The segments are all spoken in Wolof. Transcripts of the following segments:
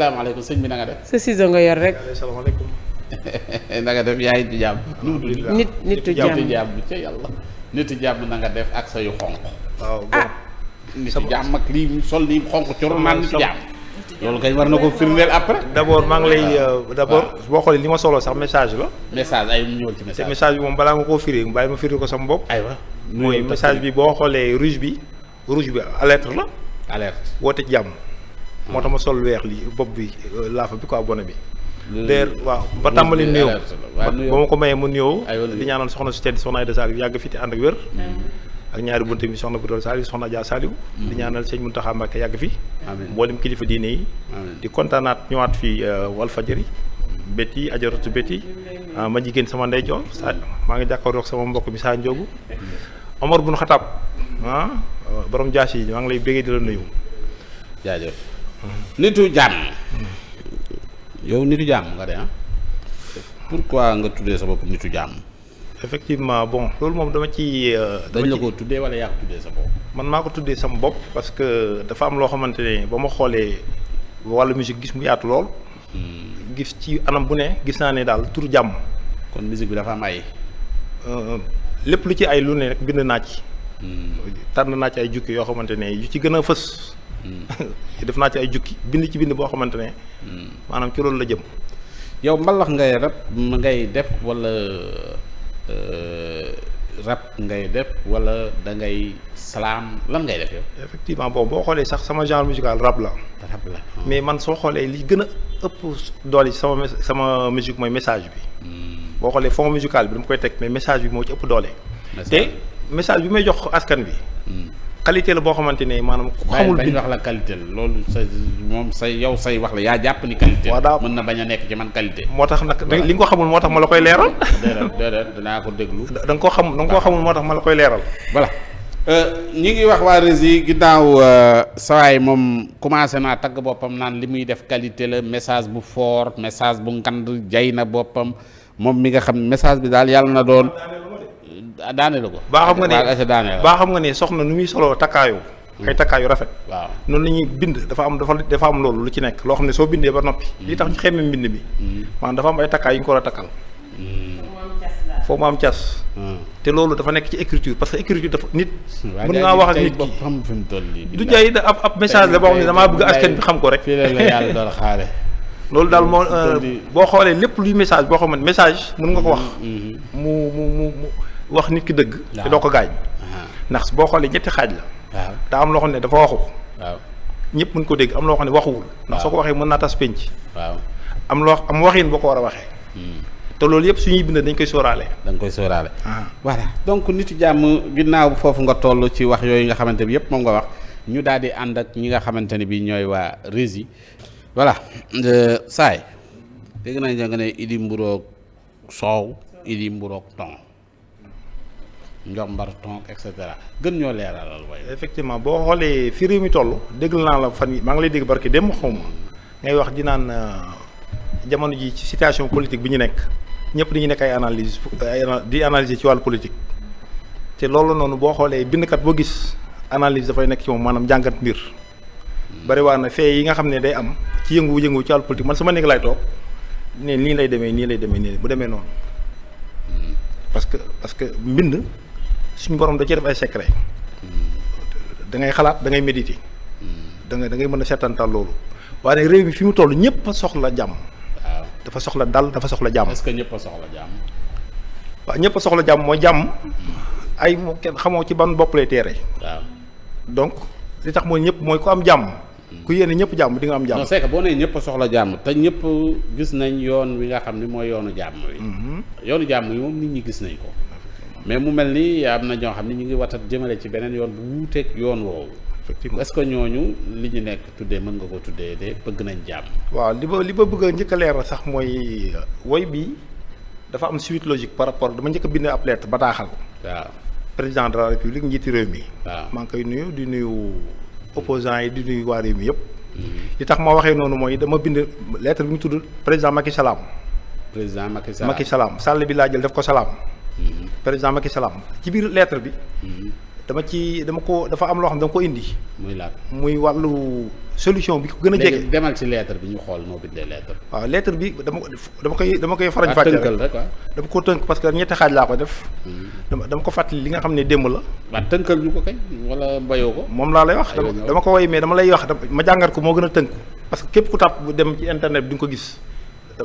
salaamaaleykum sëñ bi na def. sa ciseau nga yor rek. salaamaaleykum. na nga def yaay nit jàmm. nit nitu jàmm nit jàmm ca yàlla. nitu jàmm na nga def ak sa yu xonq. waaw ah. nitu jàmm ak lii sol lii xonq coro naan nitu jàmm. loolu kay war na ko firndeel après. d' abord maa ngi lay euh, d' boo xoolee li ma solo sax message la. message ay mu ñëwal ci message. te bi moom balaa nga koo firi bàyyi ma firi ko sama bopp. aywa mooy message bi boo xoolee rouge bi rouge bi alerte la. alerte te jàmm. moo tax ma sol weex li bopp bi euh, laafa bi quoi bonne bi. déer waaw ba tàmbali nuyoo ba ma ko mayee mu nuyoo di ñaanal soxna si tedd soxna Aïda Saliou yàgg fi te ànd ak wér mm-hmm. ak ñaari bunte bi soxna bu doon Saliou soxna Dia Saliou di mm-hmm. ñaanal sëñ mun Mbacké yàgg fi mboolem kilifa diine yi di kontaanaat ñëwaat fii euh, Walfadjri béti ajaratu béti ah, ma jigéen sama ndeyjoor sa maa ngi jàkkaarloog sama mbokk mi saa Ndiogu Omar bun Xataab ah borom jaas yi maa ngi lay bégee di la nuyu nitu jàmm. yow nitu jàmm nga de ah. pourquoi nga tuddee sa bopp nitu jàmm. effectivement bon loolu moom euh, dama ci. dañ la ko tuddee wala yaa ko tuddee sa bopp. man maa ko tuddee sama bopp parce que dafa am loo xamante ne ba ma xoolee wàllu musique gis mu yaatu lool. Hmm. gis ci anam bu ne gis naa ne daal tur jàmm. kon musique bi dafa am ay. Euh, euh, lépp lu ci ay lu ne rek bind naa ci. tànn naa ci ay jukki yoo xamante ne yu ci gën a fës. Mm. def naa ci ay jukki bind ci bind boo xamante ne. Mm. maanaam ci la jëm. yow mbalax ngay rap ngay def wala euh, rap ngay def wala da ngay salaam lan ngay def yow. effectivement boo xoolee sax sama genre musical rab la. la ah. mais man soo xoolee li gën a ëpp doole ci sama sama musique mooy message bi. Mm. boo xoolee fond musical bi dama koy teg mais message bi moo ci ëpp doole. te message bi may jox askan bi hmm. qualité la boo xamante ne maanaam ku xamul bañ wax la qualité la loolu sa moom say yow say wax la yaa jàpp ni qualité la mën na bañ a nekk ci man qualité moo tax nag li ko xamul moo tax ma la koy leeral danaa ko déglu da koo xam da nga koo xamul moo tax ma koy leeral voilà euh, ñi ngi wax waa Rési yi ginnaaw euh, sawaay moom commencé naa tagg boppam naan li muy def qualité la message bu foor message bu ngand jay na boppam moom mi nga xam message bi daal yàlla na doon daane la ko. baa xam nga ne baa xam nga ne soxna nu muy solo takkaayu. Hmm. ay takkaayu rafet. waaw noonu la ñuy bind dafa am dafa am loolu lu ci nekk loo xam ne soo bindee ba noppi. Hmm. li tax ñu xeme mbind bi. Hmm. maanaam ko a takkal. foo dafa nekk ci écriture parce que écriture dafa nit. mën ngaa wax ak nit ki du jaay ab ab message la boo xam ne damaa bëgg askan bi xam ko rek. Euh, ko wax. mu mu mu mu. wax nit ki dëgg. te doo ko gaañ. ndax boo xoolee ñetti xaaj la. waaw daa am loo xam ne dafa waxu. waaw ñëpp mën ko dégg am loo xam ne waxuwul. ndax soo ko waxee mën naa tas penc. waaw am loo am waxin boo ko war a waxee. Hmm. te loolu yëpp suñuy bind dañ koy sooraale dañ koy sóoraale. Ah. voilà donc nitu jàmm ginnaaw foofu nga toll ci wax yooyu nga xamante bi yëpp moom nga wax ñu daal di ànd ak ñi nga xamante ne bii ñooy waa Rési. voilà euh, saay dégg nañ da nga ne Idi Mburoog soow Idi Mburoog ton njombar tonk et cetera gën ñoo leeralal way effectivement boo xoolee fi réew mi toll dégg naa la fan maa ngi lay dégg barki démb xaw ma ngay wax di naan euh, jamono ji ci situation politique bi ñu nekk ñëpp dañuy nekk ay analyse di analyser ci wàllu politique te loolu noonu boo xoolee bindkat boo gis analyse dafay nekk ci moom maanaam jàngat mbir bari waa na fee yi nga xam ne day am ci yëngu-yëngu ci wàllu politique man sama néeg laay toog ne nii lay demee nii lay demee nii bu demee noonu hmm. parce que parce que mbind suñu borom da ci def ay secret da ngay xalaat da ngay méditer da ngay da ngay mën a seetantal loolu waaye réew mi fi mu toll ñëpp soxla jàmm. waaw dafa soxla dal dafa soxla jàmm. est-ce ñëpp a soxla jàmm. waaw ñëpp soxla jàmm mooy jàmm ay kenn xamoo ci ban bopp lay teere. li tax mooy ñëpp mooy ku am jàmm. ku yéene ñëpp jàmm di nga am jàmm. non boo nee ñëpp soxla jàmm te ñëpp gis nañ yoon wi nga xam ne mooy yoonu jàmm wi. Mhm. yoonu jàmm wi moom nit ñi gis nañ ko. mais mu mel ni yaa am na ñoo xam ne ñu ngi watat jëmale ci beneen yoon bu wuuteeg yoon woowu. effectivement est-ce que ñooñu li ñu nekk tuddee mën nga ko tuddee de bëgg nañ jàmm. waaw li ma li ma bëgg a njëkk a leeral sax mooy euh, woy bi dafa am suite logique par rapport dama njëkk bind ab lettre bataaxal. waaw président de la république njiiti réew mi. waaw maa ngi koy nuyu di nuyu opposants yi di nuyu waa réew mi yëpp. Mm-hmm. li tax ma waxee noonu mooy dama bind lettre bi mu tudd président Macky Salaam. président Macky Salaam Macky Salaam sàll bi laa jël def ko salaam. Mm-hmm. président Macky Sall ci biir lettre bi. Mhm. dama ci dama ko dafa am loo xam dama ko indi. muy laaj muy wàllu solution bi ko gën a jege. demal ci lettre bi ñu xool moo bindee lettre. waaw lettre bi dama dama koy dama koy farañ. Ah, fàcce ah. rek dama ko tënk parce que ñetti xaaj laa ko def. Mhm. dama dama ko fàttali li nga xam ne démb la. waaw tënkal ñu ko kay wala bayoo ko. moom laa lay wax dama ko woy mais dama lay wax ma jàngat ko moo gën a tënk. parce que képp ku tàpp bu dem ci internet bi di nga ko gis.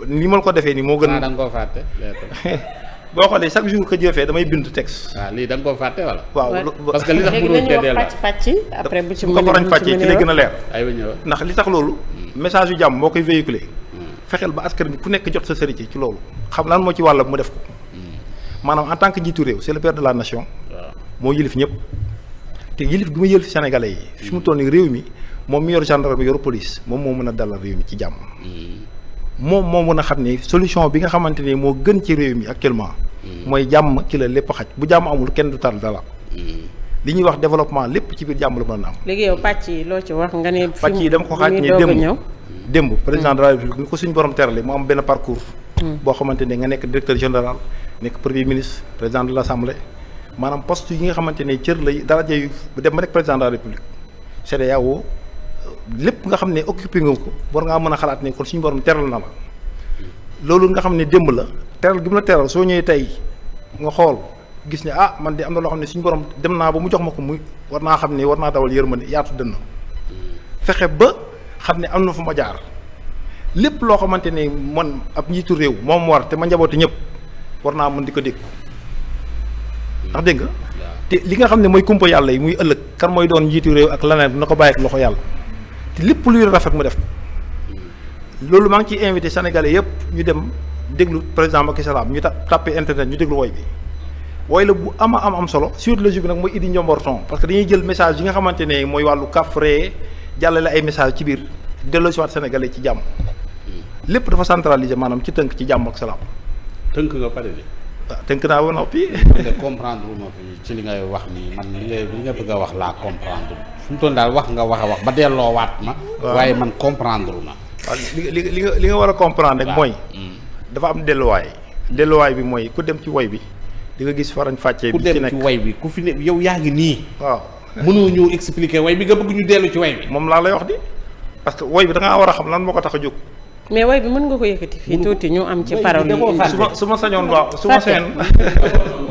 nii ma la ko defee nii moo gën. Ah, da nga koo fàtte lettre boo xoolee chaque jour que Dieu damay bind texte. waaw ah, lii da nga koo waaw parce que li tax après bu ci ko farañ fàccee ci lay gën a leer. ndax li tax loolu. Hmm. message yu jàmm boo koy véhiculer. Hmm. fexeel ba askan bi ku nekk jot sa sëriñ ci loolu. xam lan moo ci wàll mu def ko. Hmm. maanaam en tant que jiitu réew c'est le père de la nation. moo yilif ñëpp. te yilif gi ma yilif sénégalais yi. fi mu toll nii réew mi moom mi yor gendarme yor police moom moo mën a dalal réew mi ci jàmm moom moo mën a xam ni solution bi nga xamante ni moo gën ci réew mi actuellement. Mm. mooy jàmm ci la lépp xaj bu jàmm amul kenn du tal dala. Mm. li ñuy wax développement lépp ci biir jàmm la mën a am. léegi yi dama ko xaaj ni démb mm. président de la république bi ko suñu borom terale mu am benn parcours. boo xamante ne nga nekk directeur général. nekk premier ministre président de l' assemblée maanaam poste yi nga xamante ne cër la daraja yu dem ba nekk président de la république lépp nga xam ne occupé nga ko war ngaa mën a xalaat ne kon suñu borom teral na la loolu nga xam ne démb la teral gi mu la teral soo ñëwee tey nga xool gis ne ah man de am na loo xam ne suñ borom dem naa ba mu jox ma ko muy war naa xam ne war naa dawal yërmande yaatu dënn fexe ba xam ne am na fu ma jaar lépp loo xamante ne man ab njiitu réew moom war te ma njaboote ñëpp war naa mën di ko dégg ndax dégg nga te li nga xam ne mooy kumpa yàlla yi muy ëllëg kan mooy doon njiitu réew ak leneen na ko bàyyi loxo yàlla te lépp luy rafet mu def loolu maa ci ciy invité sénégalais yëpp ñu dem déglu président Macky Sall ñu ta tàppee internet ñu déglu woy bi woy la bu ama am am solo suite logique bi nag mooy Idi Ndiomborton parce que dañuy jël message yi nga xamante ne mooy wàllu kafre jàllale ay message ci biir delloosiwaat sénégalais ci jàmm lépp dafa centralisé maanaam ci tënk ci jàmm ak salaam. tënk nga pare bi. Ah, tënk naa ba noppi. comprendre ci li ngay wax nii man li ngay li nga bëgg a wax laa comprendre. fu mu toll daal wax nga wax a wax ba delloowaat ma. waaye man comprendre na. li li li nga li nga war a comprendre rek mooy. Mm. dafa am delluwaay. delluwaay bi mooy ku dem ci woy bi. di nga gis farañ fàccee bi ci nekk ku dem ci way bi ku fi ne yow yaa ngi nii. waaw mënoo ñëw expliquer way bi nga bëgg ñu dellu ci way bi. moom laa lay wax di parce que way bi da ngaa war a xam lan moo ko tax a jóg. mais way bi mën nga ko yëkkati fii tuuti ñu am ci parole yi su ma su ma sañoon waaw su ma sañoon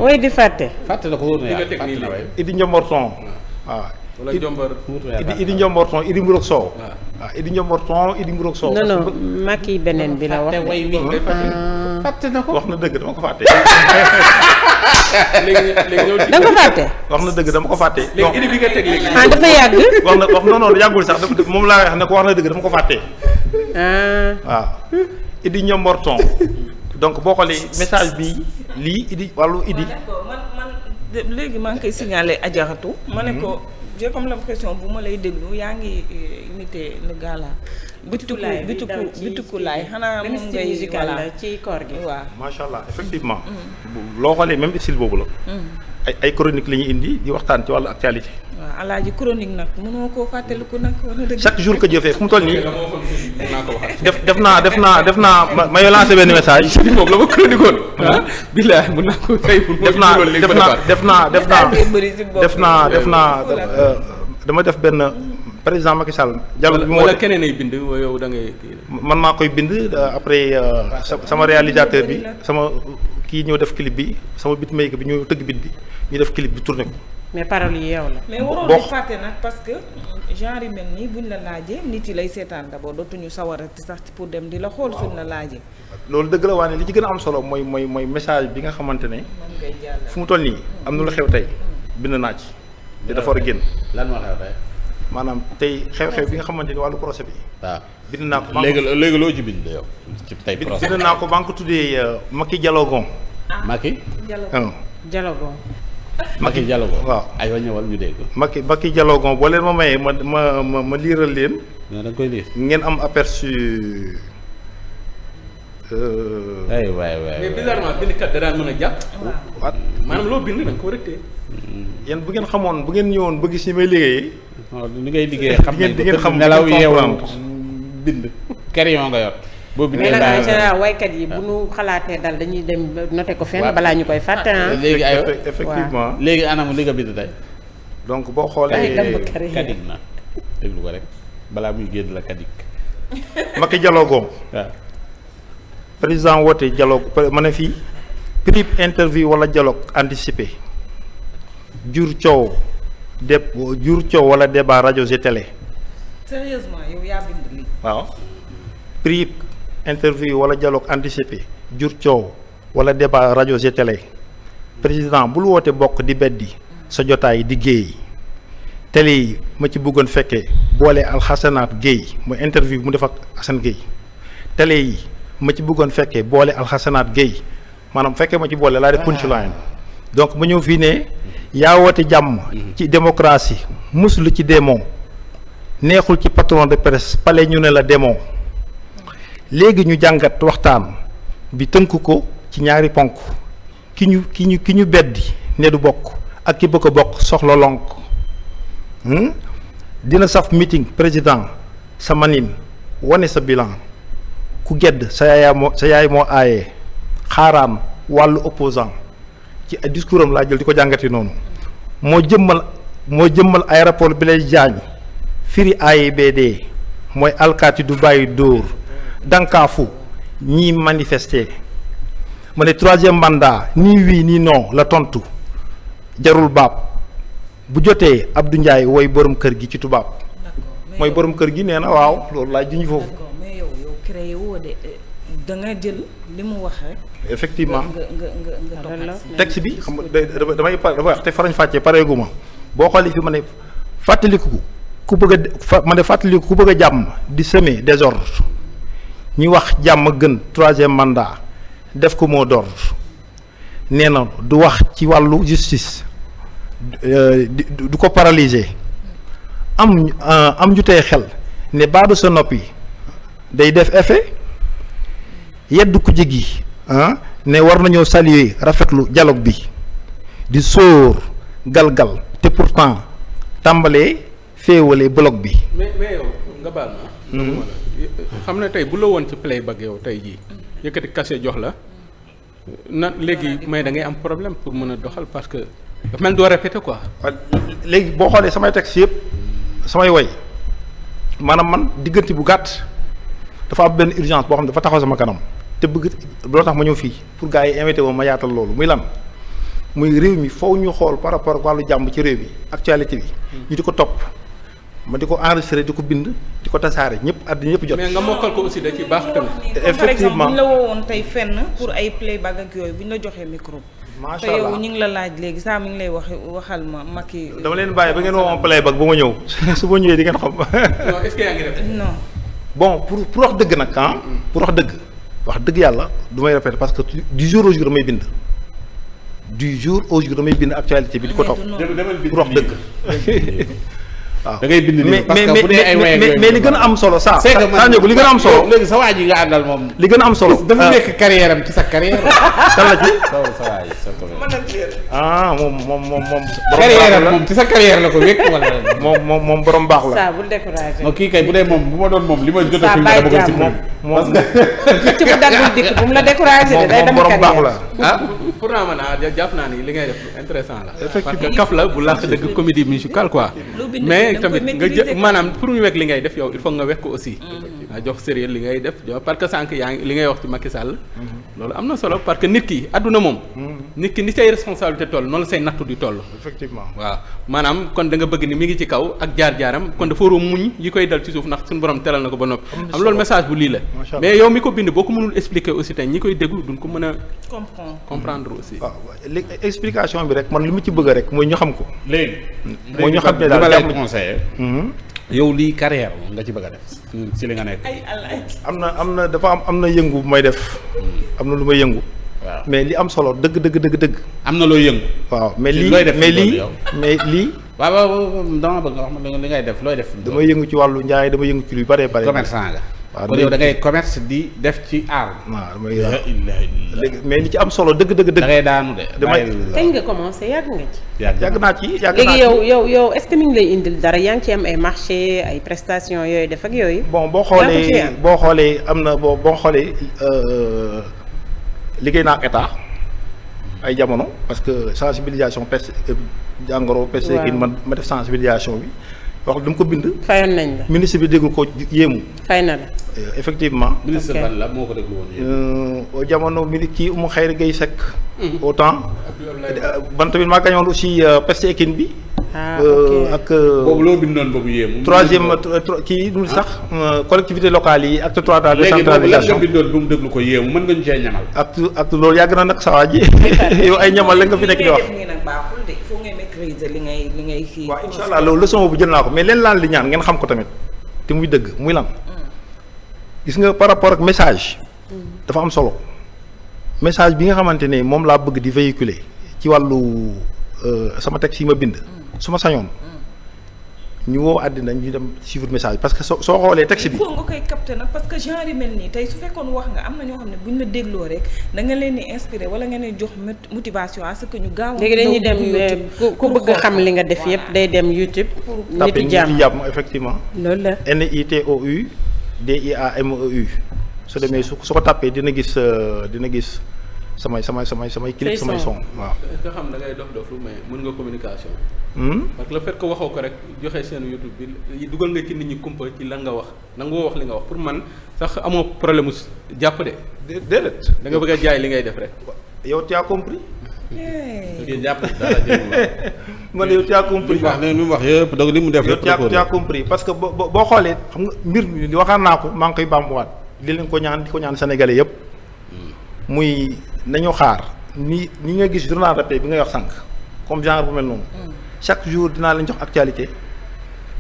way di fàtte. fàtte la ko wóor na yàlla fàtte la way Idi Ndiamorton waaw. wala Ndiombar Idi Ndiombar Ton Idi Mburoog Sow. waaw ah. ah, Idi Ndiombar Ton Idi Mburoog beneen bi la ah. wax. na dëgg dama ko fàtte. léegi ko fàtte. wax na dëgg dama ko fàtte. wax na wax sax moom laa wax ko wax na dëgg ko fàtte. waaw Idi donc boo xoolee message bi lii Idi wàllu Idi. léegi maa ngi koy signalé ajaratu ma ne ko. j'ai comme l'impression bu ma lay déglu yaa ngi euh, imiter le gars là bitukulaay bi bitiku bitukulaay xanaa moom ngay voilà ci koor gi waaw. macha allah effectivement. loo xoolee même style boobu la. ay ay chronique la ñuy indi di waxtaan ci wàllu actualité. waaw ji chronique nag mënoo koo fàttaliku nag wala dëgg. chaque jour que jëfee fu mu toll nii. def def naa def naa def naa ma ma yoo lancé message. si boobu la naa ko def naa def naa def naa def naa def naa dama def benn. président Macky Sall. dialogue bi moo wala keneen ay bind yow da ngay. man maa koy bind après euh, sama réalisateur bi sama kii ñëw def clip bi sama beatmaker bi ñëw tëgg beat bi ñu def clip bi tourné ko. mais paroles yi yow la. mais waroon di fàtte nag parce que genre i mel nii buñ la laajee nit yi lay seetaan d'abord dootuñu sawarati sax pour dem di la xool suñ la laajee. loolu dëgg la waa ne li ci gën a am solo mooy mooy mooy message bi nga xamante ne. fu mu toll nii am na lu xew tey bind naa ci. te dafa war a génn lan moo xew maanaam tey xew-xew bi nga xamante ni wàllu procès bi. waaw ah. bind naa ko. léegi léegi loo ci bind yow. ci tey procès bind naa ko ba ko tuddee euh, Macky Dialogon. Ah. Macky. Dialogon ah. Dialogon. Macky Dialogon waaw aywa ñëwal ñu dégg. Macky Macky Dialogon boo leen ma mayee ma ma ma ma liiral leen. da nga koy ngeen am aperçu. Euh, ay waay waay mais bizarrement bindkat da daan mën a jàpp. waaw maanaam loo bind da ko war a téye. bu ngeen xamoon bu ngeen ñëwoon ba gis ñi may liggéeyee. li ngay liggéey xam nañ ko nelaw yeewam bind crayon nga yor boo bindee mais nag en waykat yi bu ah. ñu xalaatee dal dañuy dem noté ko fenn balaa ñu koy fàtte ah. léegi ay effectivement léegi anam li nga bind tey donc boo xoolee kadik na déglu ko rek balaa muy génn la kadik Macky dialogue waaw président woote dialogue ma ne fii prip interview walla dialogue anticipé jur coow de jur coow wala débat rajo et télé. waaw prix interview wala dialogue anticipé jur coow wala débat rajo et télé président bul woote bokk di beddi sa jotaay di géey télé yi ma ci bëggoon fekkee boole alxasanaat géey mooy interview mu def ak Assane Gueye télé yi ma ci bëggoon fekkee boole alxasanaat géey maanaam fekkee ma ci boole laa def punchline donc mu ñëw fii ne yaa woote jàmm mhm. ci démocratie muslu ci démon neexul ci patron de presse pale ñu ne la démon léegi ñu jàngat waxtaan bi tënk ko ci ñaari ponk ki ñu ki ñu ki ñu beddi ne du bokk ak ki bëgg a bokk soxla lonk hmm? dina saf mitin président sa manin wane sa bilan ku gedd sa yaay moo sa yaay moo aaye xaaraan wàllu opposant ci discours am laa jël di ko jàngati noonu moo jëmmal moo jëmmal aéroport bi lay jaañ firi AIBD mooy alkaati du bàyyi dóor dànkaafu ñii manifester ma ne troisième mandat nii wii nii non la tontu jarul baab bu jotee Abdou Ndiaye woy boroom kër gi ci tubaab mooy boroom kër gi nee na waaw loolu laa juñ foofu. li mu wax rek. effectivement nga bi xam damay pare dafa wax te farañ fàccee pareegu ma boo xoolee fi ma ne fàttaliku ku bëgg a ma ne fàttaliku ku bëgg a jàmm di semer désordre ñi wax jàmm a gën troisième mandat def ko moo d'ordre nee na du wax ci wàllu justice euh, du ko paralyser am euh, am ñu tey xel ne baadu sa noppi day def effet. yedd ku jigi ah ne war nañoo saluer rafetlu dialogue bi di sóor galgal te pourtant tàmbalee féewale bloc bi. mais mais nga baal ma. Hmm. xam ne tey bu la woon ci play ba yow tey jii yëkkati kase jox la na léegi may da ngay am problème pour mën a doxal parce que dafa mel doo répété quoi. Ah, léegi boo xoolee samay texte yëpp samay woy maanaam man diggante bu gàtt dafa am benn urgence boo xam ne dafa taxaw sama kanam. te bëgg loo tax ma ñëw fii pour gars yi invité woo ma yaatal loolu muy lan muy réew mi faw ñu xool par rapport wàllu jàmm ci réew mi actualité bi. Hmm. ñu di ko topp ma di ko enregistré di ko bind di ko tasaare ñëpp àddina ñëpp jot. nga mokkal ko aussi da baax tamit. effectivement par exemple bu ñu pour ay yooyu bu ñu la joxee micro. macha te yow ñu ngi la laaj léegi saa mi ngi lay waxee waxal ma ma kii. dama leen bàyyi ba ngeen woo ma playback ba ma ñëw su ma ñëwee di ngeen xam. non bon pour pour wax dëgg nag ah. Hmm. pour wax dëgg. wax dëgg yàlla du may répéter parce que du jour au jour damay bind du jour au jour damay bind actualité bi di ko topp pour wax dëgg da ngay bind nii parce mais li gën a am solo saa. saa njëgu li gën a am solo. léegi sa waa ji nga àndal moom. li gën a am solo dafa ah. nekk carrière am ci sa carrière. kan la ci. sa waa ji sa carrière. Ah, moom moom moom moom. carrière am ci sa carrière la ko wékk wala. moom moom moom borom baax la. saa bu découragé. ma kii kay bu dee moom bu ma doon moom li ma jot a. saa bàyyi jàmm moom moom. parce bu daggul dikk bu mu la découragé. day moom borom baax la ah. pour naa mën a ah, jàpp naa ni li ngay def lu intéressant la. effectivement kaf la bu làq dëgg comédie musicale quoi. mais tamit nga jë maanaam pour ñu wekk li ngay def yow il faut nga wekk ko aussi. Mm. daa jox sérieux li ngay def parce que sànq yaa ngi li ngay wax ci Macky Sall mm-hmm. loolu am na solo parce que nit ki adduna moom mm-hmm. nit ki ni say responsabilité toll noonu la say nattu di toll waaw maanaam kon da nga bëgg ni mi ngi ci kaw ak jaar-jaaram kon dafa war a muñ yi koy dal ci suuf ndax suñu borom teral na ko ba noppi am loolu message bu lii la mais yow mi ko bind boo ko mënul expliquer aussi tey ñi koy déglu duñ ko mën a comprendre aussi waaw explication bi rek man li mu ci bëgg rek mooy ñu xam ko léegi mooy ñu yow lii carrière nga ci bëgg a def ci li nga nekk. am na am na dafa am am na yëngu bu may def. Hmm. am na lu may yëngu. waaw mais li am solo dëgg dëgg dëgg dëgg. am na looy yëngu. waaw mais lii mais lii mais lii. waaw waaw dama bëgg nga wax ma li ngay def looy def. damay yëngu ci wàllu njaay damay yëngu ci lu bëree bëri. commerçant nga. waaw kon da ngay commerce di def ci art. waaw mais li ci am solo dëgg dëgg. dëgg da ngay de. damay kañ nga commencé yàgg nga ci. yàgg naa ci yàgg naa ci léegi yow yow yow est ce que mi ngi lay indil dara yaa ngi ci am ay marché ay prestation yooyu def ak yooyu. bon boo xoolee boo xoolee am na boo boo xoolee euh, liggéey naa ak ay jamono parce que sensibilisation peste euh, jàngoro peste. waaw man ma def sensibilisation bi. wax dama ko bind. fayoon nañ ministre bi dégg ko yéemu. fay na la euh, effectivement. ministre ban la moo ko déglu woon. Euh, jamono mi ci Oumou Khayri Gaye Seck. Mhm. au temps. Euh, ban tamit maa gañoon aussi peste équine bi. ah ok ak. boobu loo bindoon boobu yéemu. troisième kii ah. sax. collectivité locale yi acte trois de décentralisation léegi boobu nga bindoon bu mu mën nga ñu cee ñamal. ak loolu yàgg na nag saa yow ay ñamal la nga fi nekk di wax. maîtriser li ngay li ngay kii. waaw incha allah loolu leçon boobu jël naa ko mais leen laan li ñaan ngeen xam ko tamit te muy dëgg muy lan. Mm. gis nga par rapport ak message. Mm. dafa am solo message bi nga xamante ne moom laa bëgg di véhiculer ci wàllu euh, sama texte yi ma bind. Mm. su ma sañoon. ñu woo àddina ñu dem suivre message parce que soo xoolee texte bi. il faut nga koy capté parce que genre mel nii tey su fekkoon wax nga am na ñoo xam ne buñ la dégloo rek da nga leen di inspiré wala nga ne jox motivation à ce que ñu gaaw. léegi dañuy dem euh, ku bëgg xam li nga def yëpp day dem YouTube. nitu jàmm nitu jàmm effectivement. loolu la N I T O D I A M E su demee su ko tàppee dina gis euh, dina gis. samay samay samay samay clip samay son waaw nga xam na ngay dof dof mais mën nga communication hmm? parce que le fait que waxoo ko rek joxe seen YouTube dugal nga ci nit ñi kumpa lan nga wax nangoo wax li nga wax pour man sax amoo problème us jàpp de déedéet da nga bëgg a jaay li ngay def rek yow tu as compris jàpp dara man yow tu as wax mu wax yëpp donc li mu def yëpp tu as compris parce que boo boo xoolee xam nga mbir waxaan naa ko maa ngi koy bàmbuwaat leen ko ñaan di ko ñaan sénégalais yëpp hmm. muy nañu xaar ni ni nga gis journal rappé bi ngay wax sànq comme genre bu mel noonu. Mm. chaque jour dinaa leen jox actualité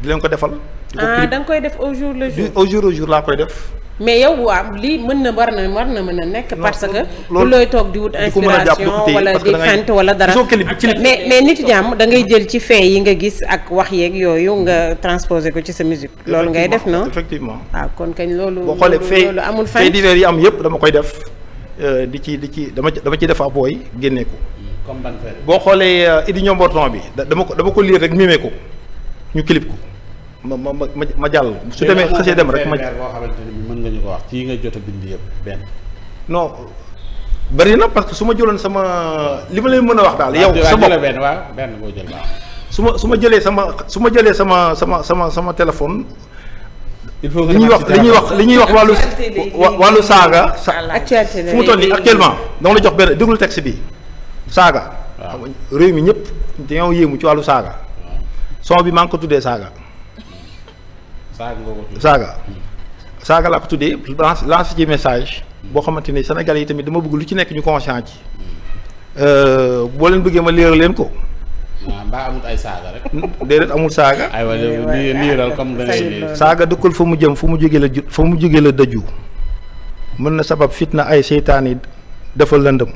di leen ko defal. di ah, da nga koy def au jour le jour au jour le jour def. mais yow waaw lii mën na war na war na mën a nekk parce que lu looy toog di wut inspiration wala di fent wala dara ci mais mais nitu jàmm da ngay jël ci fee yi nga gis ak wax yeeg yooyu nga transposé ko ci sa musique loolu ngay def non effectivement waaw ah, kon kañ loolu xoolee fee loolu amul fan yi am yëpp dama koy def Euh, di ci di ci dama dama ci def ab woy génne ko. comme ban boo xoolee euh, Idi Ñomborton bi dama ko dama ko liir rek mimee ko ñu clip ko ma ma ma ma jàll. su demee xasee dem rek ma. boo xamante ni mën nga ñu ko wax jot a bind yëpp benn. non bari na parce que su ma jëloon sama li ma leen mën a wax daal. yow sa bopp benn waaw benn boo jël su ma su ma jëlee sama su ma jëlee sama sama sama sama téléphone. li ñuy wax li ñuy wax li ñuy wax wàllu wàllu saaga. fu mu toll nii actuellement dama la jox benn déglu texte bi saaga. réew mi ñëpp dañoo yéemu ci wàllu saaga. son bi maa ngi ko tuddee saaga. saaga nga ko tuddee saaga. laa ko tuddee lance lance ji message. boo xamante ni Sénégalais yi tamit dama bëgg lu ci nekk ñu conscient ci. Mm. Euh, boo leen bëggee ma leeral leen ko. ba amul ay saaga rek. déedéet amul saaga. aywa lii saaga dëkkul fu mu jëm fu mu jóge la ju fu mu jóge la dëju mën na sabab fitna ay seytaan yi dafa lëndëm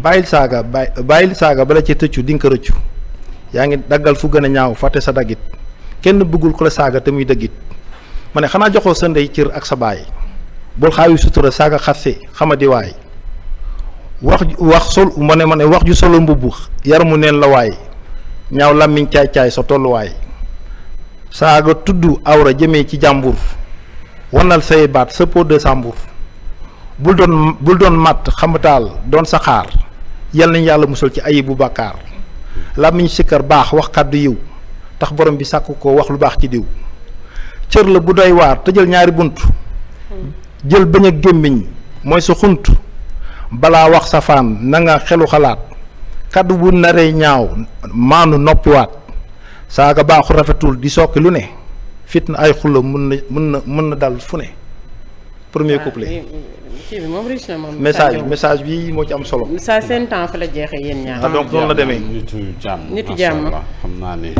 bàyyil saaga bàyyi bàyyil saaga bala ci tëccu di nga ko rëccu yaa ngi daggal fu gën a ñaaw fàtte sa daggit kenn bëggul ko la saaga te muy dëggit ma ne xanaa joxoo sa ndey cër ak sa baay bul xaawi sutura saaga xase xamadi wax wax sol ma ne ma ne wax ju solo mbubb yaramu neen la waay ñaaw làmmiñ caay-caay sa tolluwaay saaga tudd awra jëmee ci jàmbur wanal say baat sa pot de sàmbur bul doon bul doon màtt xamataal doon saxaar yal nañ yàlla musal ci ayibu bàkkaar làmmiñ sikkar baax wax kàddu yiw tax borom bi sàkk ko wax lu baax ci diw cër la bu doy waar te jël ñaari bunt jël bañ a gémmiñ mooy sa xunt balaa wax safaan na nga xelu xalaat kaddu bu naree ñaaw maanu noppiwaat saaga baaxu rafetul di sokki lu ne fitna ay xulla mun na mun na mun na dal fu ne premier couplet message message bi moo ci am solo saa seen temps la jeexee yéen ñaar ah, donc noonu la demee nitu jàmm xam naa ne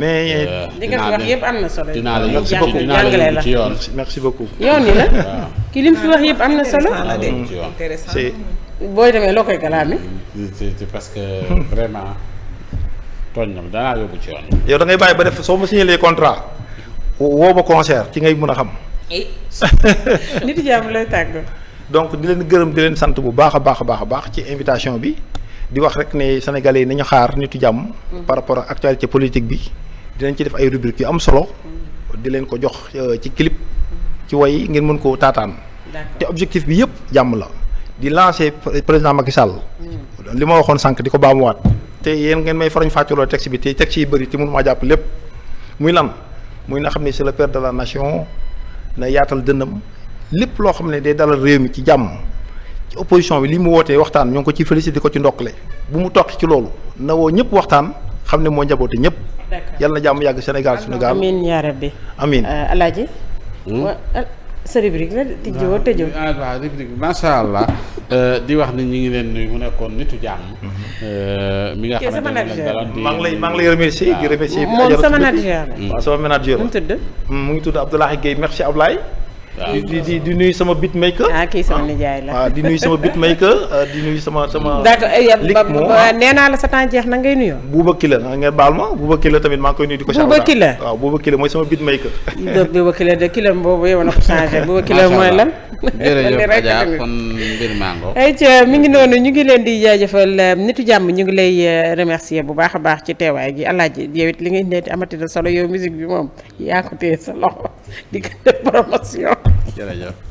euh, li nga fi wax yëpp am na solo. dinaa la yokk jàngale la yoon yi la ki lim fi wax yëpp am na solo. booy demee loo koy galaame. ci parce que vraiment tooñ na danaa yóbbu ci yoon. yow da bàyyi ba def soo ma signalee contrat woo ma concert ci ngay mën a xam. Eh. nit jàmm donc di leen gërëm di leen sant bu baax a baax a baax a baax ci invitation bi di wax rek ne sénégalais yi nañu xaar nitu jàmm. Mm. par rapport ak actualité politique bi dinañ ci def ay rubriques yu am solo. Mm. di leen ko jox euh, ci clip. ci way ngeen mën koo taataan. te objectif bi yëpp jàmm la. di lancer président Macky Sall. Mm. li ma waxoon sànq di ko baamuwaat te yéen ngeen may farañ fàccaloo texte bi te texte yi bëri te mënu maa jàpp lépp muy lan muy na xam ne c'est le père de la nation na yaatal dënnam lépp loo xam ne day dalal réew mi ci jàmm ci opposition bi li mu wootee waxtaan ñoo ngi ko ci félicité di ko ci ndokkale bu mu toq ci loolu na woo ñëpp waxtaan xam ne moo njaboote ñëpp. yàlla na jàmm yàgg Sénégal Sénégal amiin yaa rabbi amiin euh, alaaji hmm? sa rubrique la tijjoo tëjoo ah, waaw bi macha allah euh, di wax ni ñu ngi leen nuyu mu nekkoon nitu jàmm. Mhm. Euh, mi nga xam ne maa ngi lay maa lay remercier di moom sa manager la sama manager mu tëdd mm, mu ngi tudd Abdoulaye Guèye merci Abdoulaye di di di nuyu sama bit beatmaker. ah kii sama ah. nijaay la ah, di nuyu sama beatmaker ah, di nuyu sama sama. d'accord eh, nee naa la sa temps jeex na ngay nuyu. Bouba Kila nga baal ma Bouba Kila tamit maa ngi ko. Bouba Kila waaw Bouba Kila mooy sama beatmaker. Bouba Kila de Kila boobu yow na ko changé Bouba Kila mooy lan. jërëjëf Adja kon mbir mango. ayca mi ngi noonu ñu ngi leen di jaajëfal eh, nitu jàmm ñu ngi lay eh, remercier bu baax a baax ci teewaay gi alaaji yow it li ngay nekk amati solo yow musique bi moom yaa ko téye sa loxo di ko def promotion Jara ya.